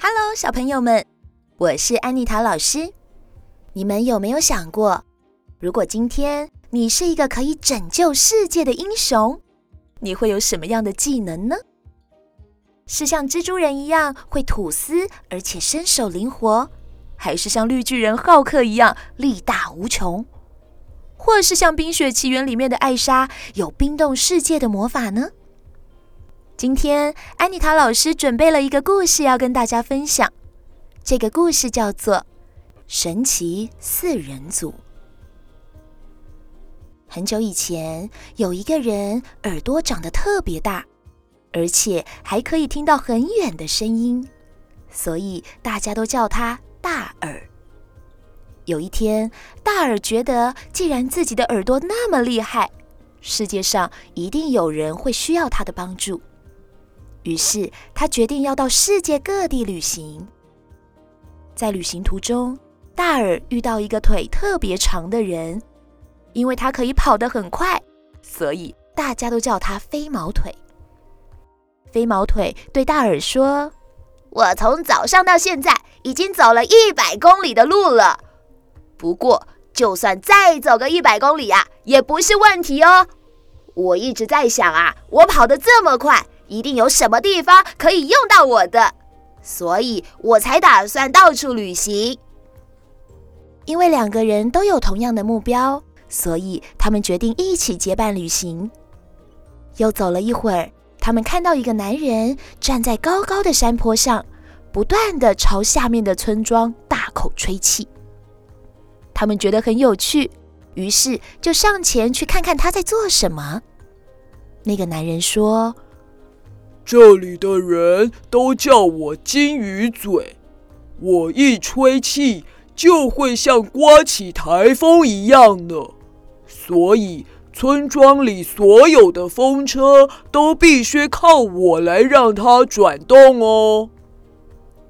哈嘍，小朋友們，我是安妮塔老師。你們有沒有想過，如果今天你是一個可以拯救世界的英雄，你會有什麼樣的技能呢？是像蜘蛛人一樣會吐絲，而且身手靈活，還是像綠巨人浩克一樣力大無窮，或是像《冰雪奇緣》裡面的艾莎有冰凍世界的魔法呢？今天安妮塔老師準備了一個故事要跟大家分享，這個故事叫做《神奇四人組》。很久以前，有一個人耳朵長得特別大，而且還可以聽到很遠的聲音，所以大家都叫他大耳。有一天，大耳覺得既然自己的耳朵那麼厲害，世界上一定有人會需要他的幫助。於是他決定要到世界各地旅行。在旅行途中，大耳遇到一個腿特別長的人，因為他可以跑得很快，所以大家都叫他“飛毛腿”。飛毛腿對大耳說：“我從早上到現在已經走了一百公里的路了，不過就算再走個一百公里啊，也不是問題哦。我一直在想啊，我跑得這麼快。”一定有什麼地方可以用到我的，所以我才打算到處旅行。因為兩個人都有同樣的目標，所以他們決定一起結伴旅行。又走了一會兒，他們看到一個男人站在高高的山坡上，不斷地朝下面的村莊大口吹氣。他們覺得很有趣，於是就上前去看看他在做什麼。那個男人說。這裡的人都叫我金魚嘴，我一吹氣就會像颳起台風一樣呢，所以村莊裡所有的風車都必須靠我來讓它轉動哦。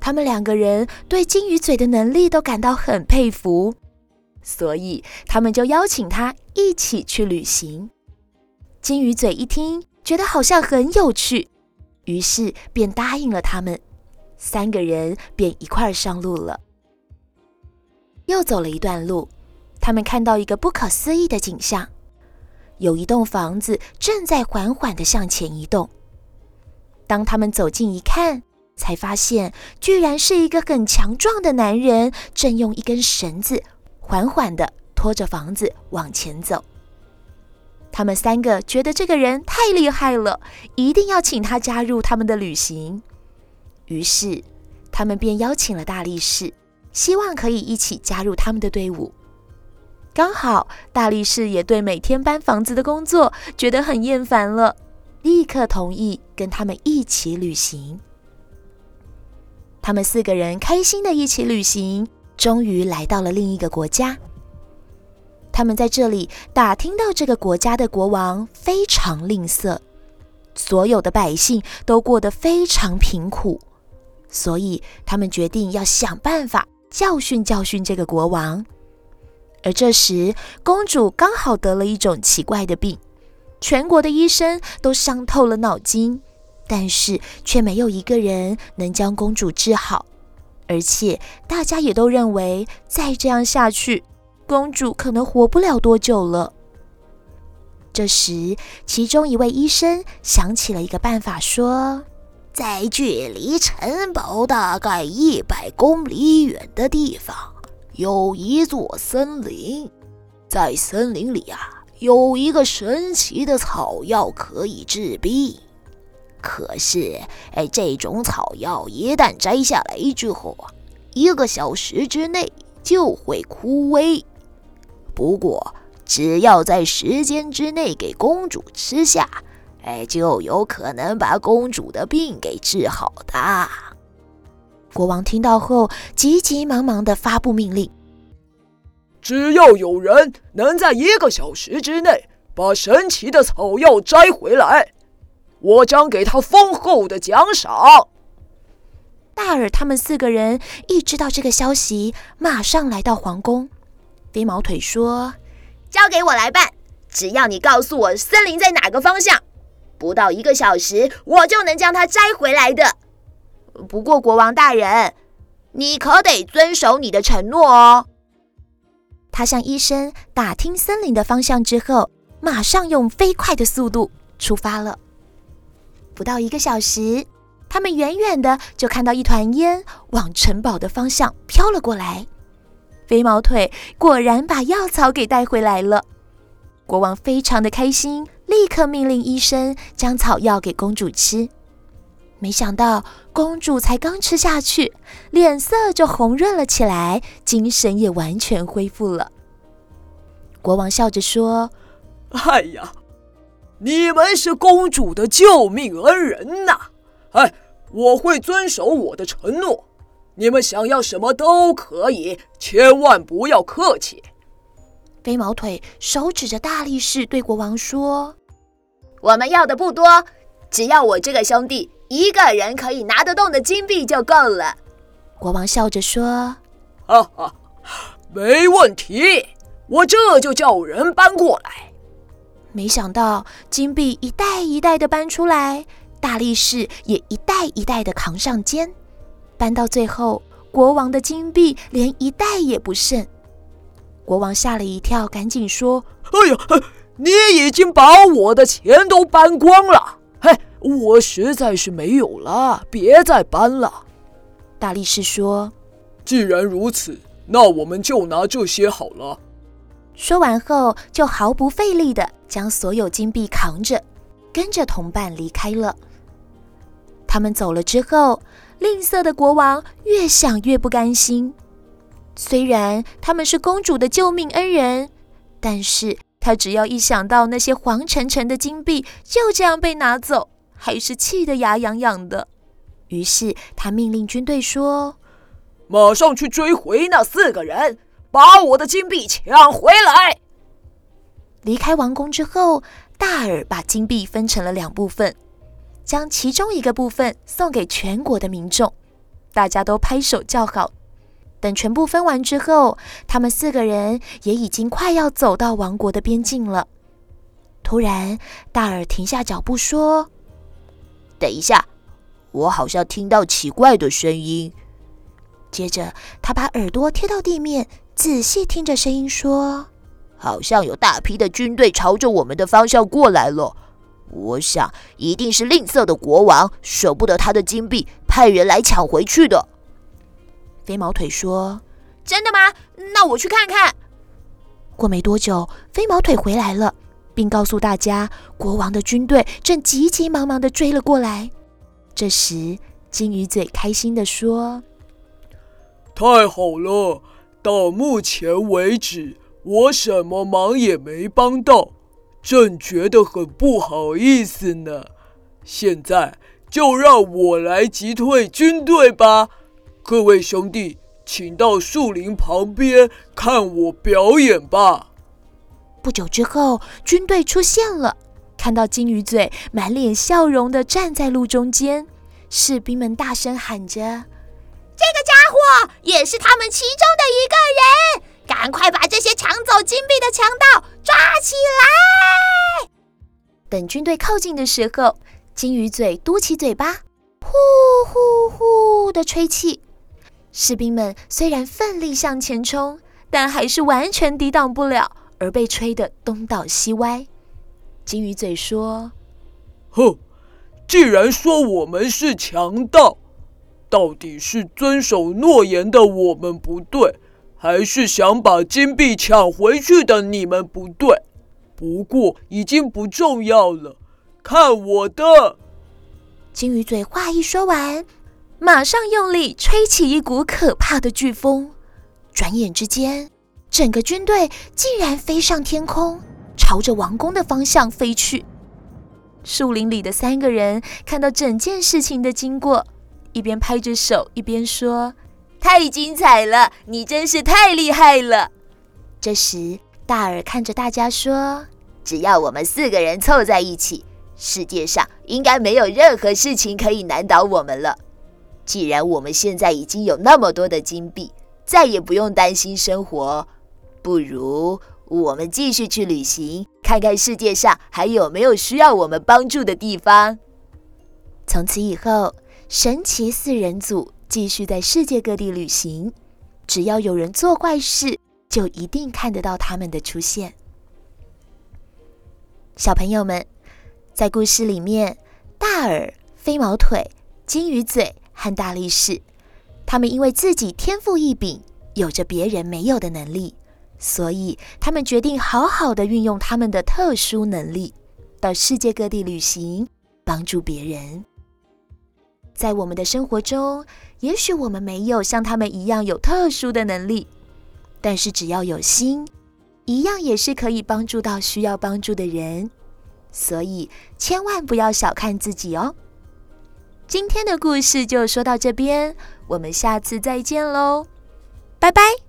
他們兩個人對金魚嘴的能力都感到很佩服，所以他們就邀請他一起去旅行。金魚嘴一聽，覺得好像很有趣。於是便答應了他們，三個人便一塊上路了。又走了一段路，他們看到一個不可思議的景象，有一棟房子正在緩緩地向前移動。當他們走近一看，才發現居然是一個很強壯的男人，正用一根繩子緩緩地拖着房子往前走。他們三個覺得這個人太厲害了，一定要請他加入他們的旅行。於是，他們便邀請了大力士，希望可以一起加入他們的隊伍。剛好大力士也對每天搬房子的工作覺得很厭煩了，立刻同意跟他們一起旅行。他們四個人開心地一起旅行，終於來到了另一個國家。他們在這裡打聽到，這個國家的國王非常吝嗇，所有的百姓都過得非常貧苦，所以他們決定要想辦法教訓教訓這個國王。而這時，公主剛好得了一種奇怪的病，全國的醫生都傷透了腦筋，但是卻沒有一個人能將公主治好，而且大家也都認為再這樣下去，公主可能活不了多久了。這時，其中一位醫生想起了一個辦法，說：“在距離城堡大概一百公里遠的地方，有一座森林。在森林裡啊，有一個神奇的草藥可以治病。可是，哎，這種草藥一旦摘下來之後啊，一個小時之內就會枯萎。”不過，只要在時間之內給公主吃下，哎，就有可能把公主的病給治好的。國王聽到後，急急忙忙的發佈命令：只要有人能在一個小時之內把神奇的草藥摘回來，我將給他豐厚的獎賞。大耳他們四個人一知道這個消息，馬上來到皇宮。飛毛腿說：“交給我來辦，只要你告訴我森林在哪個方向，不到一個小時，我就能將它摘回來的。不過，國王大人，你可得遵守你的承諾哦。”他向醫生打聽森林的方向之後，馬上用飛快的速度出發了。不到一個小時，他們遠遠的就看到一團煙往城堡的方向飄了過來。飛毛腿果然把藥草給帶回來了，國王非常的開心，立刻命令醫生將草藥給公主吃。沒想到公主才剛吃下去，臉色就紅潤了起來，精神也完全恢復了。國王笑着說：“哎呀，你們是公主的救命恩人吶！哎，我會遵守我的承諾。”你們想要什麼都可以，千萬不要客氣。飛毛腿手指着大力士對國王說：“我們要的不多，只要我這個兄弟一個人可以拿得動的金幣就夠了。”國王笑着說：“哈哈，沒問題，我這就叫人搬過來。”沒想到金幣一袋一袋的搬出來，大力士也一袋一袋的扛上肩。搬到最後，國王的金幣連一袋也不剩。國王嚇了一跳，趕緊說：“哎呀，哎你已經把我的錢都搬光了！嘿、哎，我實在是沒有了，別再搬了。”大力士說：“既然如此，那我們就拿這些好了。”說完後，就毫不費力地將所有金幣扛着，跟着同伴離開了。他們走了之後。吝嗇的國王越想越不甘心，雖然他們是公主的救命恩人，但是他只要一想到那些黃澄澄的金幣就這樣被拿走，還是氣得牙癢癢的。於是他命令軍隊說：“馬上去追回那四個人，把我的金幣搶回來。”離開王宮之後，大耳把金幣分成了兩部分。將其中一個部分送給全國的民眾，大家都拍手叫好。等全部分完之後，他們四個人也已經快要走到王國的邊境了。突然，大耳停下腳步說：“等一下，我好像聽到奇怪的聲音。”接着，他把耳朵貼到地面，仔細聽着聲音說：“好像有大批的軍隊朝着我們的方向過來了。”我想，一定是吝嗇的國王捨不得他的金幣，派人來搶回去的。飛毛腿說：“真的嗎？那我去看看。”過沒多久，飛毛腿回來了，並告訴大家，國王的軍隊正急急忙忙地追了過來。這時，金魚嘴開心地說：“太好了！到目前為止，我什麼忙也沒幫到。”朕覺得很不好意思呢，現在就讓我來擊退軍隊吧。各位兄弟，請到樹林旁邊看我表演吧。不久之後，軍隊出現了，看到金魚嘴滿臉笑容的站在路中間，士兵們大聲喊着：“這個家伙也是他們其中的一個人。”趕快把這些搶走金幣的強盜抓起來！等軍隊靠近的時候，金魚嘴嘟起嘴巴，呼呼呼的吹氣。士兵們雖然奮力向前衝，但還是完全抵擋不了，而被吹得東倒西歪。金魚嘴說：“哼，既然說我們是強盜，到底是遵守諾言的我們不對。”還是想把金幣搶回去的，你們不對。不過已經不重要了，看我的！金魚嘴話一說完，馬上用力吹起一股可怕的颶風。轉眼之間，整個軍隊竟然飛上天空，朝着王宮的方向飛去。樹林裡的三個人看到整件事情的經過，一邊拍着手，一邊說。太精彩了！你真是太厲害了。這時，大耳看着大家說：“只要我們四個人湊在一起，世界上應該沒有任何事情可以難倒我們了。既然我們現在已經有那麼多的金幣，再也不用擔心生活，不如我們繼續去旅行，看看世界上還有沒有需要我們幫助的地方。”從此以後，神奇四人組。繼續在世界各地旅行，只要有人做壞事，就一定看得到他們的出現。小朋友們，在故事裡面，大耳、飛毛腿、金魚嘴和大力士，他們因為自己天賦異禀，有着別人沒有的能力，所以他們決定好好的運用他們的特殊能力，到世界各地旅行，幫助別人。在我們的生活中。也許我們沒有像他們一樣有特殊的能力，但是只要有心，一樣也是可以幫助到需要幫助的人。所以千萬不要小看自己哦。今天的故事就說到這邊，我們下次再見嘍，拜拜。